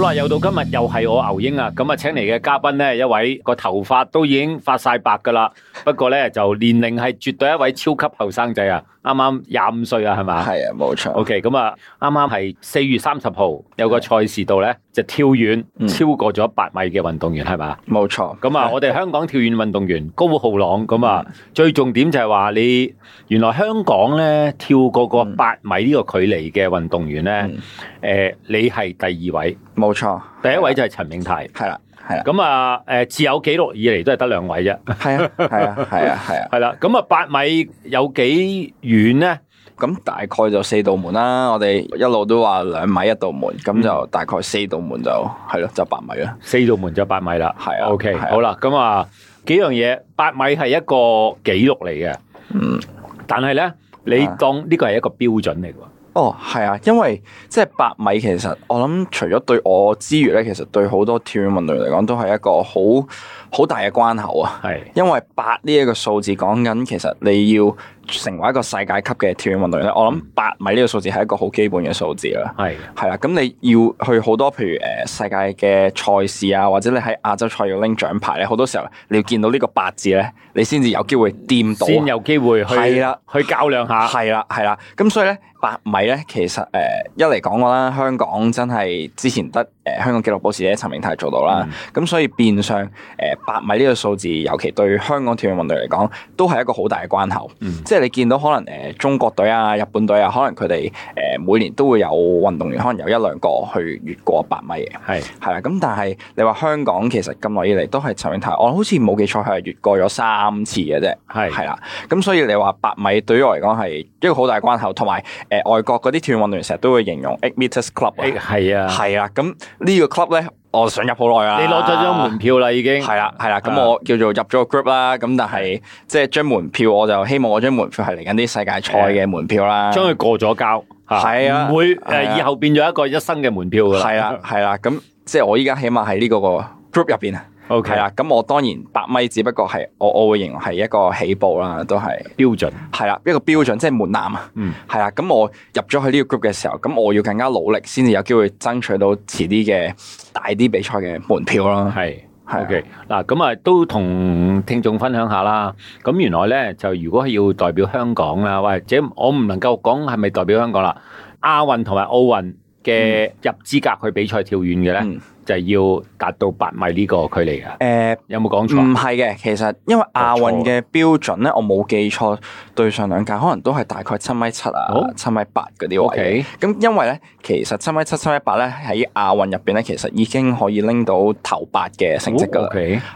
.好啦，又到今日，又係我牛英啊！咁、嗯、啊，請嚟嘅嘉賓呢，一位個頭髮都已經發晒白噶啦。不過咧就年齡係絕對一位超級後生仔啊！啱啱廿五歲啊，係嘛？係啊，冇錯。OK，咁啊，啱啱係四月三十號有個賽事度咧，嗯、就跳遠超過咗八米嘅運動員係嘛？冇錯。咁啊，啊我哋香港跳遠運動員高澔塱，咁啊，啊最重點就係話你原來香港咧跳過個八米呢個距離嘅運動員咧，誒、嗯嗯呃，你係第二位，冇錯。錯第一位就係陳銘泰，係啦。咁啊，誒自有記錄以嚟都係得兩位啫。係啊，係啊，係啊，係啊，係啦。咁啊，八米有幾遠咧？咁大概就四道門啦。我哋一路都話兩米一道門，咁就大概四道門就係咯，就八米啦。四道門就八米啦。係啊。OK，好啦。咁啊，幾樣嘢？八米係一個紀錄嚟嘅。嗯。但係咧，你當呢個係一個標準嚟㗎。哦，係啊，因為即係八米其實我諗除咗對我之馀咧，其實對好多跳遠運動員嚟講都係一個好好大嘅關口啊。係的，因為八呢一個數字講緊其實你要成為一個世界級嘅跳遠運動員咧，的我諗八米呢個數字係一個好基本嘅數字啦。係的，係啦，咁你要去好多譬如誒世界嘅賽事啊，或者你喺亞洲賽要拎獎牌咧，好多時候你要見到個呢個八字咧。你先至有機會掂到、啊，先有機會去係啦，的去較量下。係啦，係啦。咁所以咧，八米咧，其實誒、呃、一嚟講過啦，香港真係之前得誒、呃、香港紀錄保持者陳銘泰做到啦。咁、嗯、所以變相誒八、呃、米呢個數字，尤其對香港跳躍運動嚟講，都係一個好大嘅關口。嗯、即係你見到可能誒、呃、中國隊啊、日本隊啊，可能佢哋誒每年都會有運動員，可能有一兩個去越過八米嘅。係係啦。咁但係你話香港其實咁耐以嚟都係陳銘泰，我好似冇記錯佢係越過咗三五次嘅啫，係係啦，咁所以你話八米對於我嚟講係一個好大關口，同埋誒外國嗰啲跳遠運動員成日都會形容8 metres club 啊，係啊，係啊，咁呢個 club 咧，我想入好耐啊，你攞咗張門票啦，已經係啦係啦，咁我叫做入咗個 group 啦，咁但係即係張門票，我就希望我張門票係嚟緊啲世界賽嘅門票啦，將佢過咗膠，係啊，會誒以後變咗一個一生嘅門票啦，係啦係啦，咁即係我依家起碼喺呢個個 group 入邊啊。O K 啦，咁 Okay. 我當然八米只不過係我我會認為係一個起步啦，都係標準，係啦一個標準即係門檻啊。係啦、嗯，咁我入咗去呢個 group 嘅時候，咁我要更加努力先至有機會爭取到遲啲嘅大啲比賽嘅門票咯。係，O K 嗱，咁啊的、okay. 都同聽眾分享下啦。咁原來咧就如果係要代表香港啦，或者我唔能夠講係咪代表香港啦？亞運同埋奧運嘅入資格去比賽跳遠嘅咧？嗯就係要達到八米呢個距離㗎！誒、呃，有冇講錯？唔係嘅，其實因為亞運嘅標準咧，哦、我冇記錯，對上兩屆可能都係大概七米七啊、七、哦、米八嗰啲位 OK，咁因為咧，其實七米七、七米八咧喺亞運入邊咧，其實已經可以拎到頭八嘅成績噶啦。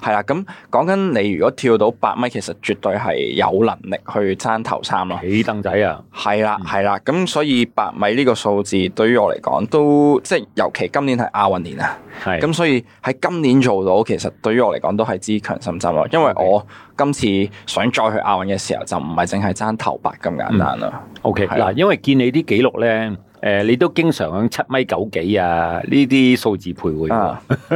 係啦、哦，咁、okay. 講緊你如果跳到八米，其實絕對係有能力去爭頭三咯。起凳仔啊！係啦的，係啦、嗯，咁所以八米呢個數字對於我嚟講都即係，尤其今年係亞運年啊！係，咁是所以喺今年做到，其實對於我嚟講都係支強心針咯。因為我今次想再去亞運嘅時候，就唔係淨係爭頭八咁簡單咯。O K 嗱，okay, 啊、因為見你啲記錄咧，誒、呃、你都經常響七米九幾啊呢啲數字徘徊。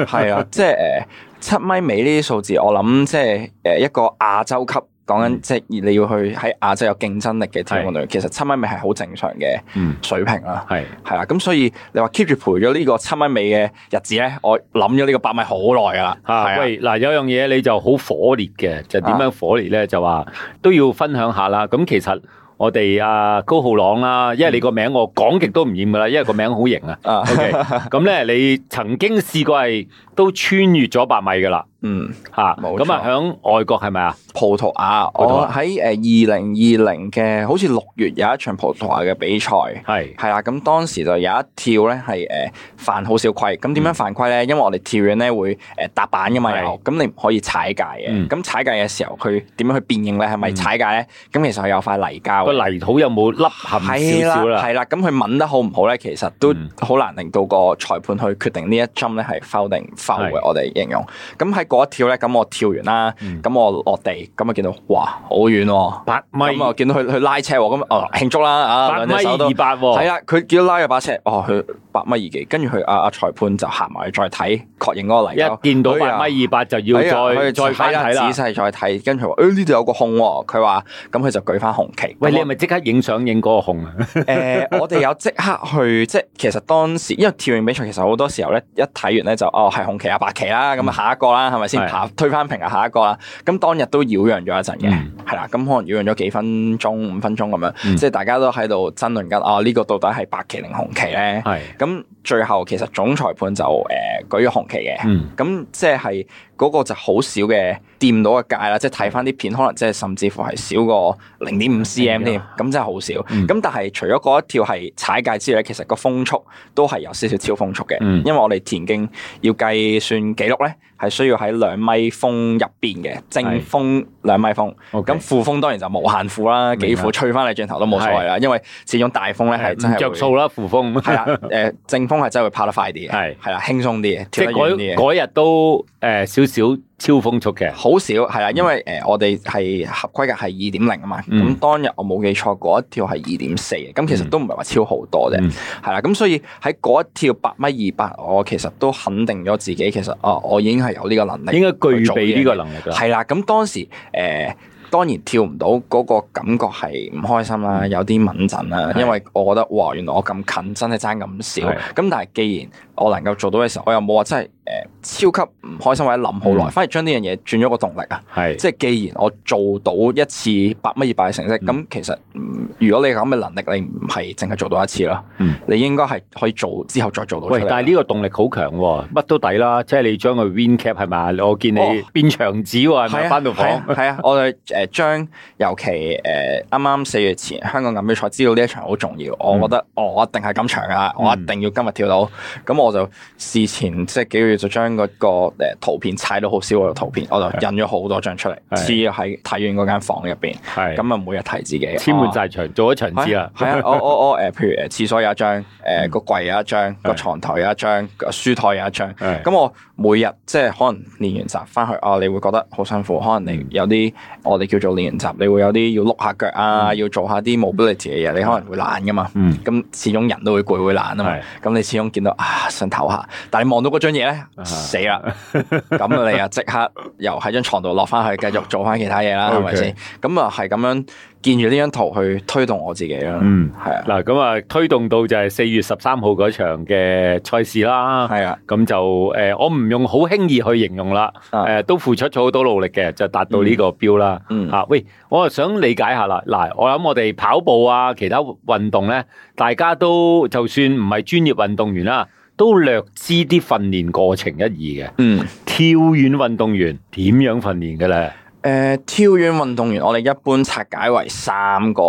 係啊, 啊，即係誒、呃、七米尾呢啲數字，我諗即係誒、呃、一個亞洲級。講緊即係你要去喺亞洲有競爭力嘅跳遠隊，其實七米尾係好正常嘅水平啦。係係啦，咁所以你話 keep 住陪咗呢個七米尾嘅日子咧，我諗咗呢個八米好耐噶啦。啊，喂，嗱，有樣嘢你就好火烈嘅，就點、是、樣火烈咧？啊、就話都要分享下啦。咁其實我哋阿、啊、高澔塱啦、啊，因為你個名我講極都唔厭噶啦，嗯、因為個名好型啊。OK，咁咧你曾經試過係都穿越咗八米噶啦。嗯吓，冇錯。咁啊，響外國係咪啊？葡萄牙，我喺誒二零二零嘅，好似六月有一場葡萄牙嘅比賽，係係啦。咁當時就有一跳咧，係誒犯好少規。咁點樣犯規咧？因為我哋跳遠咧會誒踏板噶嘛，又咁你唔可以踩界嘅。咁踩界嘅時候，佢點樣去辨認咧？係咪踩界咧？咁其實係有塊泥膠，個泥土有冇凹陷少少啦？係啦，咁佢穩得好唔好咧？其實都好難令到個裁判去決定呢一跳咧係 foul 定 foul 嘅，我哋形容。咁喺嗰一跳咧，咁我跳完啦，咁、嗯、我落地，咁啊見米到哇好遠喎，八米，咁啊見到佢去拉車喎，咁哦，慶祝啦，啊八米二八喎，係啊，佢見、啊、到拉咗把車，哦，佢八米二幾，跟住佢阿阿裁判就行埋去再睇確認嗰個嚟，一見到八米二八就要再再睇啦，就啊、仔細再睇，跟住話誒呢度有個空喎，佢話咁佢就舉翻紅旗，喂，你係咪即刻影相影嗰個空啊？誒，我哋有即刻去，即係其實當時因為跳遠比賽其實好多時候咧，一睇完咧就哦係紅旗啊白旗啦、啊，咁啊下一個啦。嗯係咪先？下推翻平啊，下一個啦。咁的當日都擾攘咗一陣嘅，係啦、嗯。咁可能擾攘咗幾分鐘、五分鐘咁樣，嗯、即係大家都喺度爭論緊，哦、啊、呢、這個到底係白旗定紅旗咧？係的。咁最後其實總裁判就誒、呃、舉咗紅旗嘅。咁、嗯、即係嗰個就好少嘅。掂到個界啦，即係睇翻啲片，可能即係甚至乎係少過零點五 cm 添，咁真係好少。咁但係除咗嗰一條係踩界之外咧，其實個風速都係有少少超風速嘅，因為我哋田徑要計算記錄咧，係需要喺兩米風入邊嘅正風兩米風。咁負風當然就無限副啦，幾乎吹翻你轉頭都冇所謂啦，因為始終大風咧係真係，著數啦，負風係啦，誒正風係真係會跑得快啲嘅，係啦輕鬆啲嘅，跳得遠啲嘅，嗰日都誒少少，超風速嘅，好少係啦，因為誒、呃、我哋係合規格係二點零啊嘛，咁、嗯、當日我冇記錯嗰一跳係二點四，咁其實都唔係話超好多啫，係啦、嗯，咁所以喺嗰一跳八米二百，我其實都肯定咗自己其實啊，我已經係有呢個能力，應該具備呢個能力啦，係啦，咁當時誒。呃當然跳唔到嗰個感覺係唔開心啦，有啲敏震啦。因為我覺得哇，原來我咁近，真係爭咁少。咁但係既然我能夠做到嘅時候，我又冇話真係誒超級唔開心或者諗好耐，反而將呢樣嘢轉咗個動力啊。係，即係既然我做到一次百米以百嘅成績，咁其實如果你咁嘅能力，你唔係淨係做到一次咯，你應該係可以做之後再做到。喂，但係呢個動力好強喎，乜都抵啦。即係你將個 win cap 係咪？我見你變牆紙喎，係咪返到房？係啊，我係。誒將尤其誒啱啱四月前香港錦標賽，知道呢一場好重要，我覺得我一定係咁長啊！我一定要今日跳到，咁我就事前即係幾個月就將嗰個誒圖片踩到好少個圖片，我就印咗好多張出嚟，黐喺體院嗰間房入邊，咁啊每日提自己。千萬就係長做咗長姿啦。係啊，我我我誒，譬如誒廁所有一張，誒個櫃有一張，個床枱有一張，書枱有一張。咁我每日即係可能練完習翻去啊，你會覺得好辛苦，可能你有啲我哋。叫做練習，你會有啲要碌下腳啊，嗯、要做下啲 mobility 嘅嘢，你可能會懶噶嘛。咁、嗯、始終人都會攰會懶啊嘛。咁的你始終見到啊想唞下，但你望到嗰張嘢咧死啦，咁你啊即刻又喺張床度落翻去繼續做翻其他嘢啦，係咪先？咁啊係咁樣。見住呢張圖去推動我自己啦。嗯，係啊，嗱咁啊，啊推動到就係四月十三號嗰場嘅賽事啦，係啊，咁就誒、呃、我唔用好輕易去形容啦，誒、啊啊、都付出咗好多努力嘅就達到呢個標啦，嗯，嗯，啊、喂我又想理解下啦，嗱我諗我哋跑步啊其他運動咧，大家都就算唔係專業運動員啦，啊，都略知啲訓練過程一二嘅，嗯，跳遠運動員點樣訓練嘅咧？誒，uh, 跳遠運動員我哋一般拆解為三個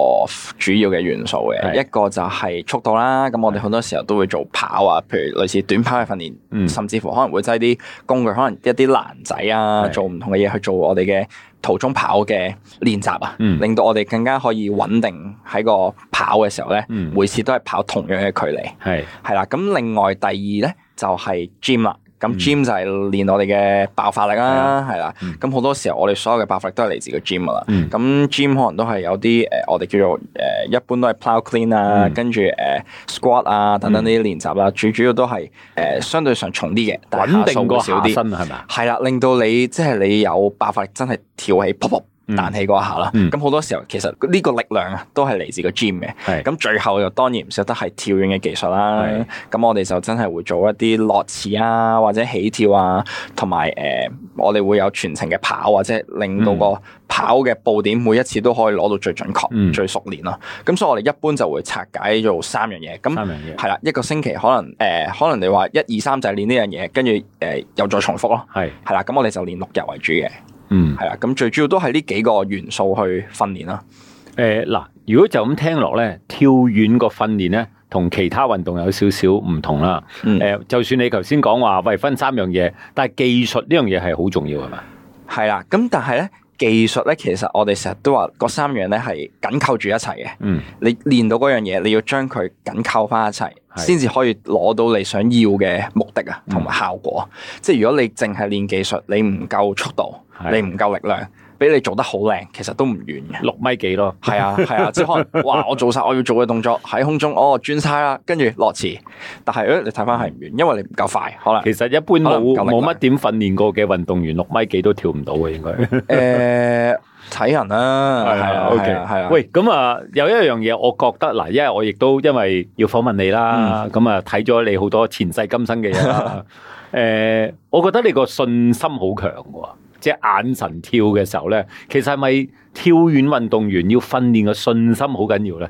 主要嘅元素嘅，的一個就係速度啦。咁我哋好多時候都會做跑啊，譬如類似短跑嘅訓練，嗯、甚至乎可能會揸啲工具，可能一啲欄仔啊，做唔同嘅嘢去做我哋嘅途中跑嘅練習啊，的令到我哋更加可以穩定喺個跑嘅時候咧，嗯、每次都係跑同樣嘅距離。係係啦，咁另外第二咧就係、是、gym 咁 gym 就係練我哋嘅爆發力啦、啊，係啦、嗯。咁好多時候我哋所有嘅爆發力都係嚟自個 gym 啊。咁、嗯、gym 可能都係有啲誒、呃，我哋叫做誒、呃，一般都係 power clean 啊，嗯、跟住誒、呃、squat 啊等等呢啲練習啦。最主要都係誒、呃，相對上重啲嘅，穩、嗯、定個下身係咪啊？係啦，令到你即係、就是、你有爆發力，真係跳起 pop 彈起嗰下啦，咁好、嗯、多時候其實呢個力量啊，都係嚟自個 gym 嘅。咁是最後又當然唔少得係跳遠嘅技術啦。咁的我哋就真係會做一啲落刺啊，或者起跳啊，同埋誒，我哋會有全程嘅跑，或者令到個跑嘅步點每一次都可以攞到最準確、嗯、最熟練咯。咁所以我哋一般就會拆解做三樣嘢。咁係啦，一個星期可能誒、呃，可能你話一二三就係練呢樣嘢，跟住誒又再重複咯。係係啦，咁的我哋就練六日為主嘅。嗯，係啊，咁最主要都係呢幾個元素去訓練啦。誒，嗱，如果就咁聽落咧，跳遠個訓練咧，同其他運動有少少唔同啦。誒、mm. 呃，就算你頭先講話，喂，分三樣嘢，但係技術呢樣嘢係好重要係嘛？係啦，咁但係咧技術咧，其實我哋成日都話嗰三樣咧係緊扣住一齊嘅。嗯，mm. 你練到嗰樣嘢，你要將佢緊扣翻一齊，先至、mm. 可以攞到你想要嘅目的啊，同埋效果。Mm. 即係如果你淨係練技術，你唔夠速度。你唔夠力量，俾你做得好靚，其實都唔遠嘅，六米幾咯。係啊，係啊，即係可能哇，我做晒我要做嘅動作喺空中，哦，轉晒啦，跟住落池。但係咧，你睇翻係唔遠，因為你唔夠快。可能，其實一般冇乜點訓練過嘅運動員，六米幾都跳唔到嘅應該。誒、呃，睇人啦，係啊，OK，係啊。喂，咁啊、呃，有一樣嘢，我覺得嗱、呃，因為我亦都因為要訪問你啦，咁啊、嗯，睇咗 你好多前世今生嘅嘢。誒、 呃，我覺得你個信心好強嘅。即係眼神跳嘅時候咧，其實係咪跳遠運動員要訓練個信心好緊要咧？誒、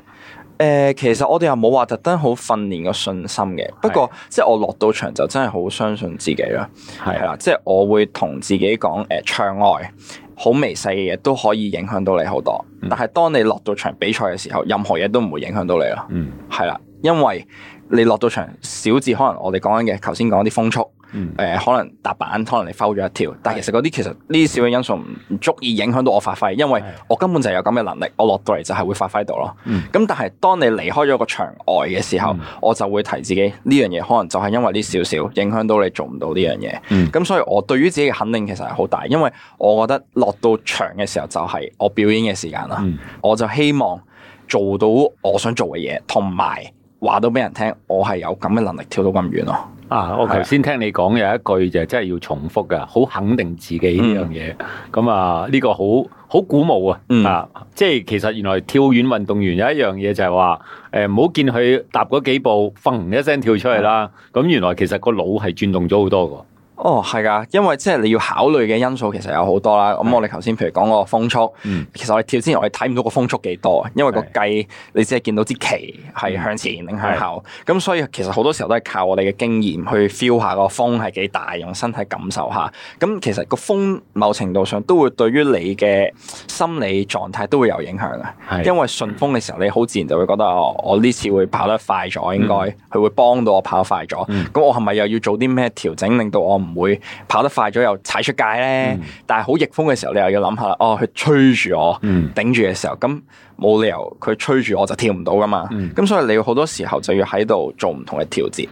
呃，其實我哋又冇話特登好訓練個信心嘅，是的 不過是的 即係我落到場就真係好相信自己啦。係啦是的，即係我會同自己講誒、呃，場外好微細嘅嘢都可以影響到你好多，嗯、但係當你落到場比賽嘅時候，任何嘢都唔會影響到你咯。嗯，係啦，因為你落到場，小至可能我哋講緊嘅頭先講啲風速。誒、嗯呃，可能踏板可能你踎咗一跳。但係其實嗰啲的其實呢啲小嘅因素唔足以影響到我發揮，因為我根本就有咁嘅能力，我落到嚟就係會發揮到咯。咁、嗯、但係當你離開咗個場外嘅時候，嗯、我就會提自己呢樣嘢，可能就係因為呢少少影響到你做唔到呢樣嘢。咁、嗯、所以我對於自己嘅肯定其實係好大，因為我覺得落到場嘅時候就係我表演嘅時間啦。嗯、我就希望做到我想做嘅嘢，同埋話到俾人聽，我係有咁嘅能力跳到咁遠咯。啊！我頭先聽你講有一句就真係要重複㗎，好肯定自己呢樣嘢。咁啊、嗯，呢個好好鼓舞啊！嗯、啊，即係其實原來跳遠運動員有一樣嘢就係話，誒唔好見佢踏嗰幾步，砰一聲跳出嚟啦。咁、嗯、原來其實個腦係轉動咗好多個。哦，係噶，因為即係你要考慮嘅因素其實有好多啦。咁的、嗯、我哋頭先譬如講個風速，嗯、其實我哋跳之前我哋睇唔到個風速幾多，啊，因為個計的你只係見到支旗係向前定向後。咁的所以其實好多時候都係靠我哋嘅經驗去 feel 下個風係幾大，用身體感受下。咁其實個風某程度上都會對於你嘅心理狀態都會有影響嘅。的因為順風嘅時候，你好自然就會覺得我呢次會跑得快咗，應該佢會幫到我跑得快咗。咁、嗯、我係咪又要做啲咩調整，令到我唔？唔會跑得快咗又踩出界咧，嗯、但係好逆風嘅時候，你又要諗下，哦，佢吹住我，頂住嘅時候，咁冇理由佢吹住我就跳唔到噶嘛。咁、嗯、所以你要好多時候就要喺度做唔同嘅調節，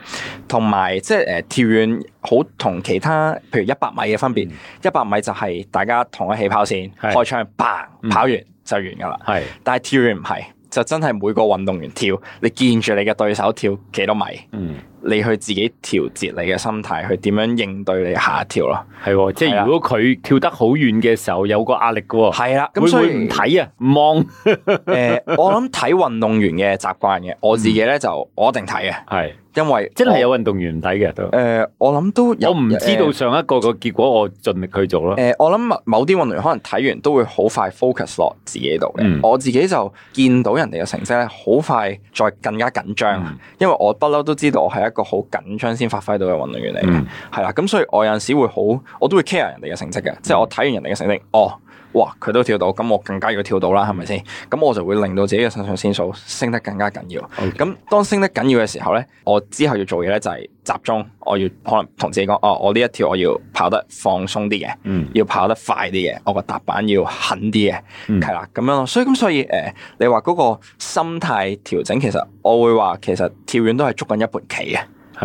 同埋即係誒跳遠好同其他，譬如一百米嘅分別，一百、嗯、米就係大家同一起跑線、嗯、開槍嘭跑完、嗯、就完噶啦。係、嗯，但係跳遠唔係，就真係每個運動員跳，你見住你嘅對手跳幾多米。嗯你去自己調節你嘅心態，去點樣應對你下一跳咯？係喎，即係如果佢跳得好遠嘅時候，有個壓力嘅喎。係啦，咁所以唔睇啊？唔望。誒、 呃，我諗睇運動員嘅習慣嘅，我自己咧、嗯、就我一定睇嘅。係的，因為真係有運動員唔睇嘅都。誒、呃，我諗都有，我唔知道上一個個結果，我盡力去做咯。誒、呃，我諗某啲運動員可能睇完都會好快 focus 落自己度嘅。嗯、我自己就見到人哋嘅成績咧，好快再更加緊張，嗯、因為我不嬲都知道我係一。一個好緊張先發揮到嘅運動員嚟嘅。係啦、嗯，咁所以我有陣時會好，我都會 care 人哋嘅成績嘅，嗯、即係我睇完人哋嘅成績，哦。哇！佢都跳到，咁我更加要跳到啦，係咪先？咁我就會令到自己嘅腎上腺素升得更加緊要。咁 Okay. 當升得緊要嘅時候咧，我之後要做嘢咧就係集中，我要可能同自己講哦，我呢一跳我要跑得放鬆啲嘅，嗯、要跑得快啲嘅，我個踏板要狠啲嘅，係、嗯、啦，咁樣咯。所以咁，所以誒、呃，你話嗰個心態調整，其實我會話，其實跳遠都係捉緊一盤棋嘅，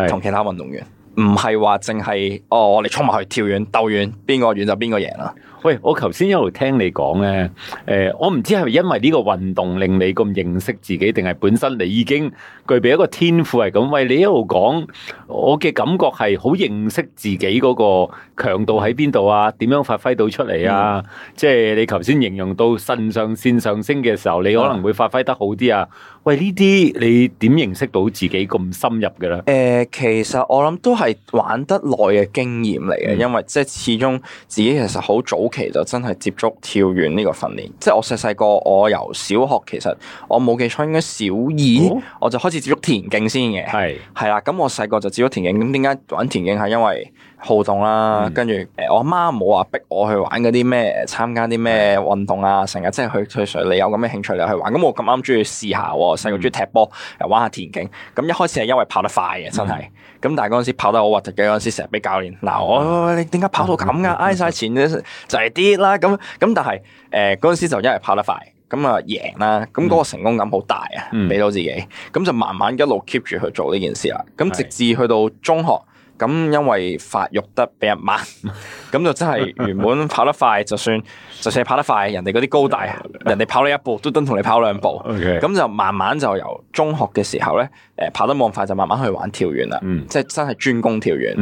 同是其他運動員唔係話淨係哦，我哋衝埋去跳遠，鬥遠邊個遠就邊個贏啦。喂，我頭先一路聽你講咧，誒，我唔知係咪因為呢個運動令你咁認識自己，定係本身你已經具備一個天賦係咁？喂，你一路講，我嘅感覺係好認識自己嗰個強度喺邊度啊？點樣發揮到出嚟啊？即係你頭先形容到腎上腺上升嘅時候，你可能會發揮得好啲啊？喂，呢啲你點認識到自己咁深入嘅咧？誒，其實我諗都係玩得耐嘅經驗嚟嘅，因為即係始終自己其實好早。其實真係接觸跳遠呢個訓練，即係我細細個，我由小學其實我冇記錯，應該小二、哦、我就開始接觸田徑先嘅，係係啦，咁我細個就接觸田徑，咁點解玩田徑係因為？好動啦，跟住誒，我阿媽冇話逼我去玩嗰啲咩，參加啲咩運動啊，成日的即係去去隨你有咁嘅興趣嚟去玩。咁我咁啱中意試下喎，細個中意踢波，玩下田徑。咁一開始係因為跑得快嘅，真係。咁、嗯、但係嗰陣時跑得好核突嘅，嗰陣時成日俾教練嗱、嗯啊，我你點解跑到咁㗎？啊、挨晒、嗯嗯、錢咧就係啲啦。咁咁但係誒嗰陣時就因為跑得快，咁啊贏啦。咁嗰個成功感好大啊，俾、嗯、到自己。咁就慢慢一路 keep 住去做呢件事啦。咁直至去到中學。咁因為發育得比較慢。咁就真係原本跑得快，就算就算你跑得快，人哋嗰啲高大， 人哋跑你一步，都等同你跑兩步。咁 Okay. 就慢慢就由中學嘅時候咧，誒跑得冇咁快，就慢慢去玩跳遠啦。Mm. 即係真係專攻跳遠。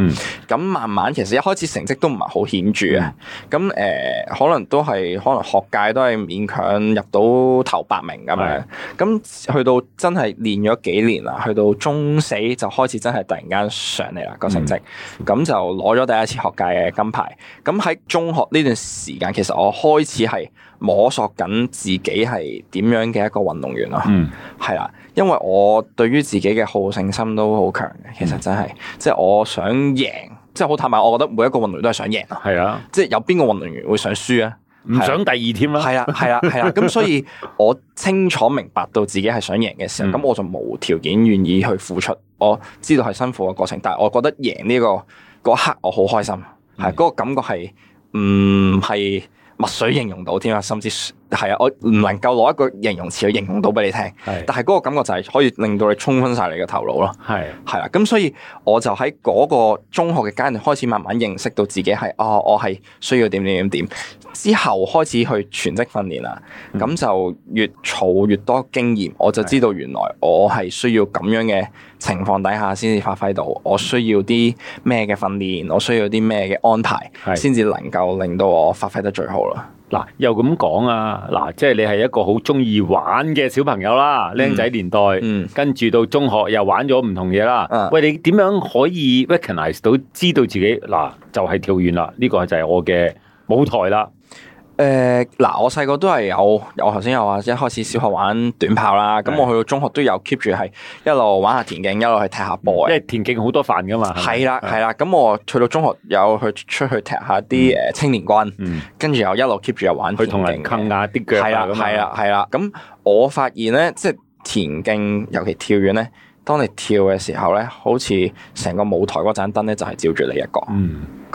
咁、mm. 慢慢其實一開始成績都唔係好顯著啊。咁誒、mm. 呃、可能都係可能學界都係勉強入到頭八名咁樣。咁、mm. 去到真係練咗幾年啦，去到中四就開始真係突然間上嚟啦個成績。咁、mm. 就攞咗第一次學界嘅金牌。咁喺中學呢段時間，其實我開始係摸索緊自己係點樣嘅一個運動員咯。嗯，係啦，因為我對於自己嘅好勝心都好強嘅。其實真係，即係我想贏，即係好坦白，我覺得每一個運動員都係想贏。係啊，即係有邊個運動員會想輸啊？唔想第二添啦。係啊，係啊，係啊。咁所以，我清楚明白到自己係想贏嘅時候，咁我就無條件願意去付出。我知道係辛苦嘅過程，但係我覺得贏呢個嗰刻，我好開心。係嗰個感覺係唔係墨水形容到添啊，甚至。係啊，我唔能夠攞一個形容詞去形容到俾你聽，的但係嗰個感覺就係可以令到你衝昏晒你嘅頭腦咯。係的，係啊，咁所以我就喺嗰個中學嘅階段開始慢慢認識到自己係，哦，我係需要點點點點。之後開始去全職訓練啦，咁、嗯、就越儲越多經驗，我就知道原來我係需要咁樣嘅情況底下先至發揮到，我需要啲咩嘅訓練，我需要啲咩嘅安排，先至的能夠令到我發揮得最好啦。嗱、啊，又咁講啊！嗱、啊，即係你係一個好中意玩嘅小朋友啦，僆仔、嗯、年代，嗯、跟住到中學又玩咗唔同嘢啦。啊、喂，你點樣可以 recognize 到知道自己嗱、啊、就係、是、跳遠啦？呢、這個就係我嘅舞台啦。誒，嗱、呃，我細個都係有，我頭先又話，一開始小學玩短跑啦，咁我去到中學都有 keep 住係一路玩下田徑，一路去踢下波，因為田徑好多飯噶嘛。係啦係啦，咁的我去到中學有去出去踢下啲誒青年軍，嗯、跟住又一路 keep 住又玩。去同人坑啊，啲腳啊。係啦係啦係啦，咁的的我發現咧，即係田徑，尤其跳遠咧。當你跳嘅時候呢，好似成個舞台嗰盞燈呢，就係、是、照住你一個，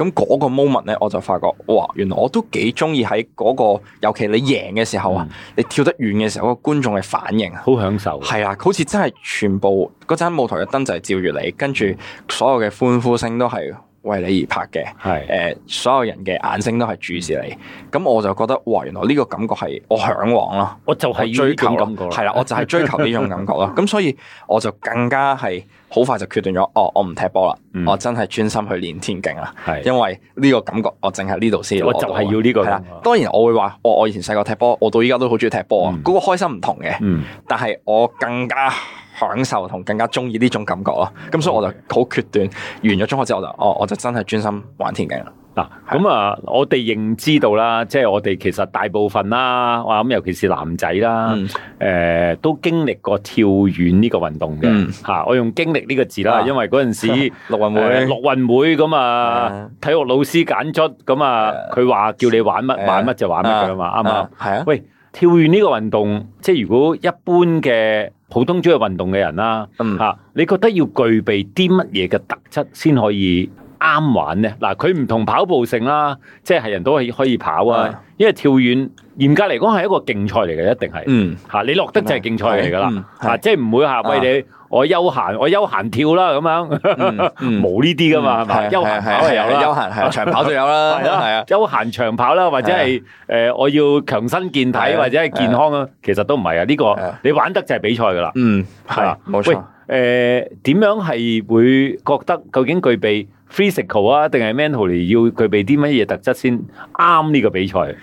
咁嗰、嗯、個 moment 呢，我就發覺，哇！原來我都幾中意喺嗰個，尤其你贏嘅時候啊，嗯、你跳得遠嘅時候，嗰、那個觀眾嘅反應好享受，係啊，好似真係全部嗰盞舞台嘅燈就係照住你，跟住所有嘅歡呼聲都係。為你而拍嘅，係誒是、呃、所有人嘅眼睛都係注視你，咁、嗯、我就覺得，哇！原來呢個感覺係我向往咯，我就係追求感覺咯，係啦，我就係追求呢種感覺咯，咁 所以我就更加係。好快就決斷咗，哦，我唔踢波啦，嗯、我真係專心去練田徑啦。係的，因為呢個感覺我，我淨係呢度先，我就係要呢個。係啦，當然我會話，我、哦、我以前細個踢波，我到依家都好中意踢波啊。嗰、嗯、個開心唔同嘅，嗯、但係我更加享受同更加中意呢種感覺咯。咁所以我就好決斷，嗯 okay。完咗中學之後我就，哦，我就真係專心玩田徑啦。嗱，咁啊，我哋認知到啦，即係我哋其實大部分啦，哇，咁尤其是男仔啦，誒，都經歷過跳遠呢個運動嘅吓，我用經歷呢個字啦，因為嗰陣時，陸運會，陸運會咁啊，體育老師揀出，咁啊，佢話叫你玩乜玩乜就玩乜嘅嘛，啱嘛，係啊，喂，跳遠呢個運動，即係如果一般嘅普通中意運動嘅人啦，吓，你覺得要具備啲乜嘢嘅特質先可以？啱玩咧，嗱佢唔同跑步性啦，即係人都可以可以跑啊，因為跳遠嚴格嚟講係一個競賽嚟嘅，一定係，吓你落得就係競賽嚟噶啦，吓即係唔會吓喂你我休閒我休閒跳啦咁樣，冇呢啲噶嘛係咪，休閒跑就有啦，休閒長跑就有啦，係啊休閒長跑啦或者係誒我要強身健體或者係健康啊，其實都唔係啊呢個你玩得就係比賽噶啦，嗯係啊冇錯，誒點樣係會覺得究竟具備？physical 啊，定係 mentally 要具備啲乜嘢特質先啱呢個比賽？誒、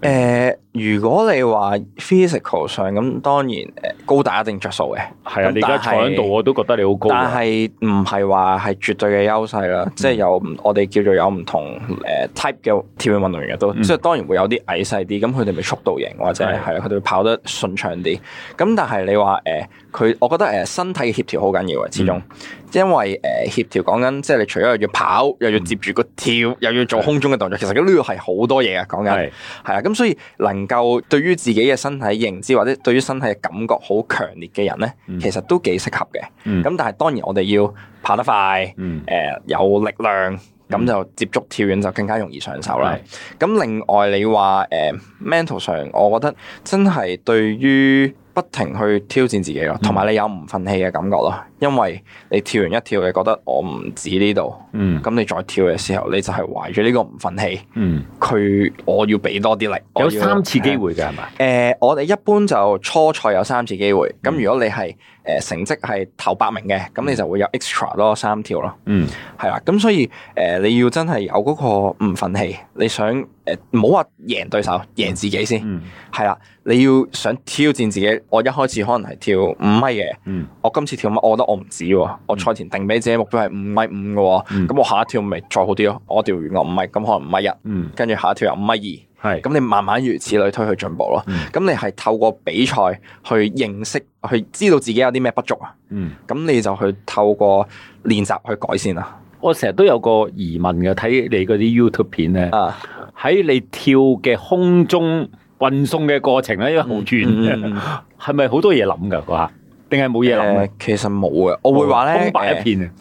呃。如果你話 physical 上咁，當然誒，高大一定着數嘅。係啊，你而家坐喺度，我都覺得你好高。但係唔係話係絕對嘅優勢啦，即係有我哋叫做有唔同誒 type 嘅跳嘅運動員都，即係當然會有啲矮細啲，咁佢哋咪速度型或者係佢哋跑得順暢啲。咁但係你話誒，佢我覺得誒身體嘅協調好緊要啊，始終，因為誒協調講緊即係你除咗又要跑，又要接住個跳，又要做空中嘅動作，其實呢個係好多嘢啊。講緊係啊，咁所以能。能夠對於自己嘅身體認知或者對於身體嘅感覺好強烈嘅人咧，其實都幾適合嘅。咁、嗯、但係當然我哋要跑得快，誒、嗯呃、有力量，咁、嗯、就接觸跳遠就更加容易上手啦。咁 Right. 另外你話誒、呃、mental 上，我覺得真係對於。不停去挑戰自己咯，同埋你有唔忿氣嘅感覺咯，因為你跳完一跳，你覺得我唔止呢度，咁、嗯、你再跳嘅時候，你就係懷住呢個唔忿氣，佢、嗯、我要俾多啲力。有三次機會嘅係嘛？誒是吧、呃，我哋一般就初賽有三次機會，咁、嗯、如果你係誒成績係頭八名嘅，咁你就會有 extra 咯三跳咯，係啦、嗯，咁所以誒、呃、你要真係有嗰個唔忿氣，你想。誒，唔好話贏對手，贏自己先，係啦、嗯。你要想挑戰自己，我一開始可能係跳五米嘅，嗯、我今次跳乜？我覺得我唔止喎，嗯、我賽前定俾自己目標係五米五嘅，咁、嗯、我下一跳咪再好啲咯。我跳完我五米，咁可能五米一、嗯，跟住下一跳又五米二、嗯，係咁你慢慢如此類推去進步咯。咁、嗯、你係透過比賽去認識，去知道自己有啲咩不足啊？咁、嗯、你就去透過練習去改善啦。我成日都有個疑問嘅，睇你嗰啲 YouTube 片咧，喺、啊、你跳嘅空中運送嘅過程咧，因為好遠，係咪好多嘢諗噶嗰下？定係冇嘢諗？其實冇呀，我會話咧、嗯，空白一片，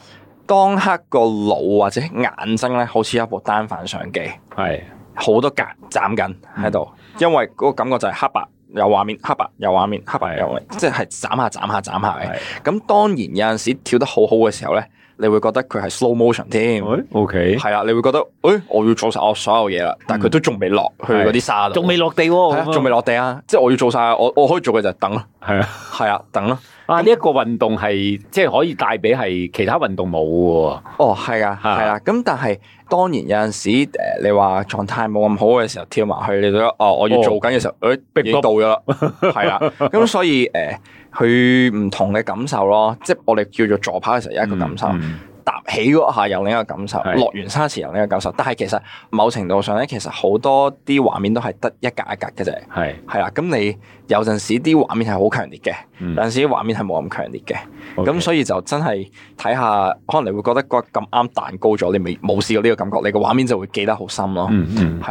當刻個腦或者眼睛咧，好似一部單反相機，係好的多格斬緊喺度，嗯、因為嗰個感覺就係黑白有畫面，黑白有畫面，的黑白有畫面，即、就、係、是、斬下斬下斬下咁，的的當然有陣時跳得好好嘅時候咧。你會覺得佢係 slow motion 添，OK，係啦，你會覺得，誒，我要做晒我所有嘢啦，但係佢都仲未落去嗰啲沙度，仲未落地，仲未落地啊！即係我要做晒，我我可以做嘅就等咯，係啊，係啊，等咯。啊，呢一個運動係即係可以帶俾係其他運動冇嘅，哦，係啊，係啊。咁但係當然有陣時，誒，你話狀態冇咁好嘅時候跳埋去，你覺得，哦，我要做緊嘅時候，誒，已經到咗啦，係啦。咁所以，誒。佢唔同嘅感受咯，即係我哋叫做助跑嘅時候有一個感受，嗯嗯、踏起嗰下有另一個感受，係、落完沙池有另一個感受。但係其實某程度上咧，其實好多啲畫面都係得一格一格嘅啫。係係啦，咁你。有陣時啲畫面係好強烈嘅，有陣時啲畫面係冇咁強烈嘅，咁、嗯、所以就真係睇下，可能你會覺得個咁啱彈高咗，你未冇試過呢個感覺，你個畫面就會記得好深咯。係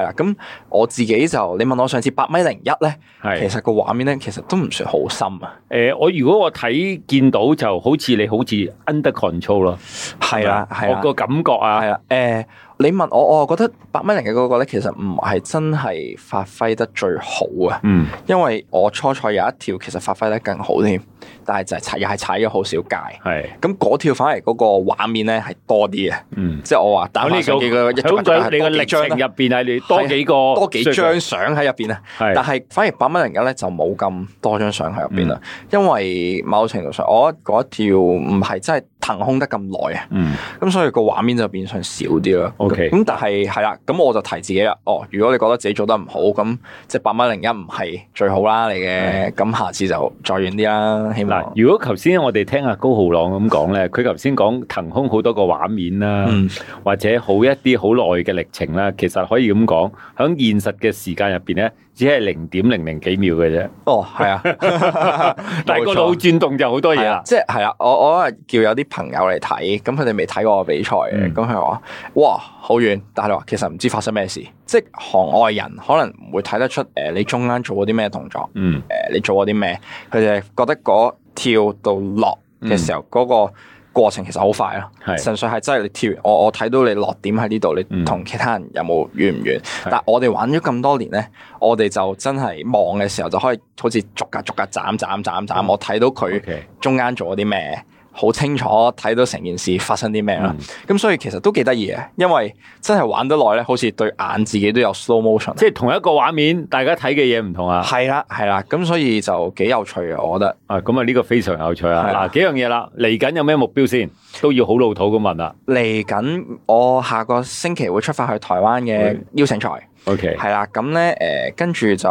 啊、嗯，咁、嗯、我自己就你問我上次八米零一咧，係其實個畫面咧其實都唔算好深啊。誒、呃，我如果我睇見到就好似你好似 under control 咯，係啊，係啊，我個感覺啊，誒。呃你問我，我覺得8米零嘅嗰個咧，其實唔係真係發揮得最好啊。嗯，因為我初賽有一條其實發揮得更好添，但係就踩又係踩咗好少界。係是，咁嗰條反而嗰個畫面咧係多啲嘅。嗯、即係我話打呢你個，好講、嗯嗯、你個歷程入邊啊，你多幾個多幾張相喺入邊啊。是但係反而8米零嘅咧就冇咁多張相喺入邊啦，因為某程度上我嗰條唔係真係。騰空得咁耐啊，咁、嗯、所以個畫面就變相少啲咯。咁 Okay, 但係係啦，咁我就提自己啦。哦，如果你覺得自己做得唔好，咁即係八米零一唔係最好啦你嘅，咁、嗯、下次就再遠啲啦。希望。如果頭先我哋聽阿高澔塱咁講咧，佢頭先講騰空好多個畫面啦，嗯、或者好一啲好耐嘅歷程啦，其實可以咁講，喺現實嘅時間入邊咧，只係零點零零幾秒嘅啫。哦，係啊， 但係個腦轉動就好多嘢啦，啊。即係係啊，我我叫有啲朋友嚟睇，咁佢哋未睇過我比賽嘅，咁佢話哇好遠，但係話其實唔知發生咩事。即係行外人可能唔會睇得出，誒、呃、你中間做過啲咩動作，嗯、呃，誒你做過啲咩，佢哋覺得嗰跳到落嘅時候嗰、嗯嗰個。過程其實好快咯，是純粹係真係你跳完，我我睇到你落點喺呢度，你同其他人有冇遠唔遠？嗯、但我哋玩咗咁多年咧，我哋就真係望嘅時候就可以好似逐格逐格斬斬斬斬，嗯、我睇到佢中間做咗啲咩。嗯 okay. 好清楚睇到成件事發生啲咩啦，咁、嗯、所以其實都幾得意嘅，因為真係玩得耐咧，好似對眼自己都有 slow motion，即係同一個畫面，大家睇嘅嘢唔同啊，係啦係啦，咁所以就幾有趣啊，我覺得啊，咁啊呢個非常有趣啊，嗱的幾樣嘢啦，嚟緊有咩目標先？都要好老土咁問啊。嚟緊我下個星期會出發去台灣嘅邀請賽、嗯。OK。係啦，咁咧誒，跟住就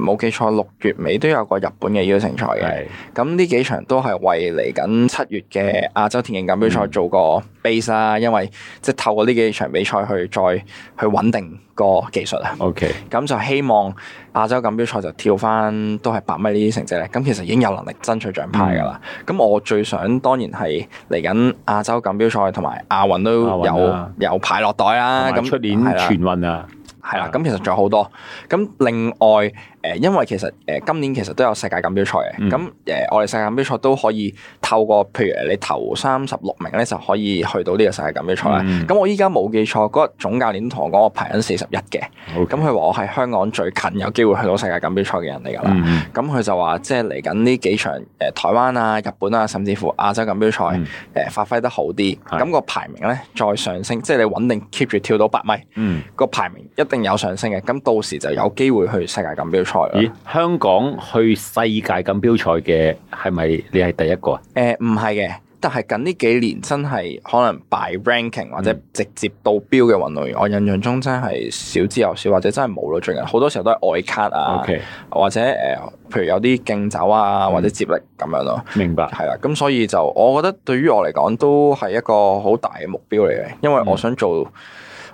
冇記錯六月尾都有個日本嘅邀請賽嘅。咁呢的幾場都係為嚟緊七月嘅亞洲田徑錦標賽做個 base 啦、嗯，因為即係透過呢幾場比賽去再去穩定。個技術啊，OK 咁就希望亞洲錦標賽就跳翻都係八米呢啲成績咧，咁其實已經有能力爭取獎牌噶啦。咁、嗯、我最想當然係嚟緊亞洲錦標賽同埋亞運都有運、啊、有，有牌落袋啦。咁出年全運啊，係啦。咁其實仲有好多。咁另外。誒，因為其實誒、呃、今年其實都有世界錦標賽嘅，咁誒、嗯呃、我哋世界錦標賽都可以透過譬如你頭三十六名咧就可以去到呢個世界錦標賽啦。咁、嗯、我依家冇記錯，嗰日總教練都同我講我排緊四十一嘅，咁佢話我係香港最近有機會去到世界錦標賽嘅人嚟㗎啦。咁佢、嗯、就話即係嚟緊呢幾場誒、呃、台灣啊、日本啊，甚至乎亞洲錦標賽誒、嗯呃、發揮得好啲，咁是個排名咧再上升，即係你穩定 keep 住跳到八米，嗯、個排名一定有上升嘅。咁到時就有機會去世界錦標賽。咦，香港去世界錦標賽嘅係咪你係第一個啊？誒、呃，唔係嘅，但係近呢幾年真係可能 by ranking 或者直接到標嘅運動員，嗯、我印象中真係少之又少，或者真係冇咯。最近好多時候都係外卡啊，Okay. 或者誒、呃，譬如有啲競走啊或者接力咁、嗯、樣咯。明白，係啦，咁所以就我覺得對於我嚟講都係一個好大嘅目標嚟嘅，因為我想做、嗯。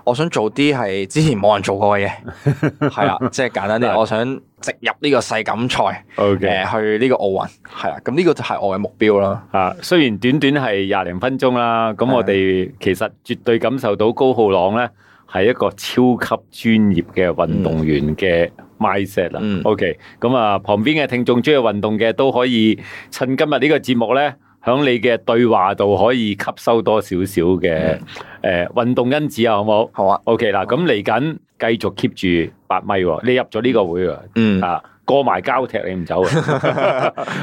我想做啲係之前冇人做過嘅嘢，係啦，即係簡單啲， 我想直入呢個世錦賽，誒 Okay.、呃，去呢個奧運，係啦，咁、這、呢個就係我嘅目標啦。啊，雖然短短係廿零分鐘啦，咁我哋其實絕對感受到高澔塱咧係一個超級專業嘅運動員嘅 mindset 啦。嗯、OK，咁啊，旁邊嘅聽眾中意運動嘅都可以趁今日呢個節目咧。響你嘅對話度可以吸收多少少嘅，誒運動因子啊，好唔好？好啊。O K 嗱，咁嚟緊繼續 keep 住八米，你入咗呢個會啊。嗯啊，過埋膠踢你唔走。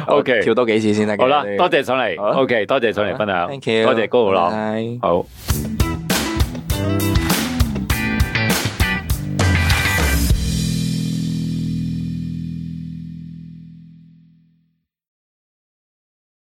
O K，跳多幾次先得。好啦，多謝上嚟。O K，多謝上嚟分享。Thank you。多謝高澔塱。好。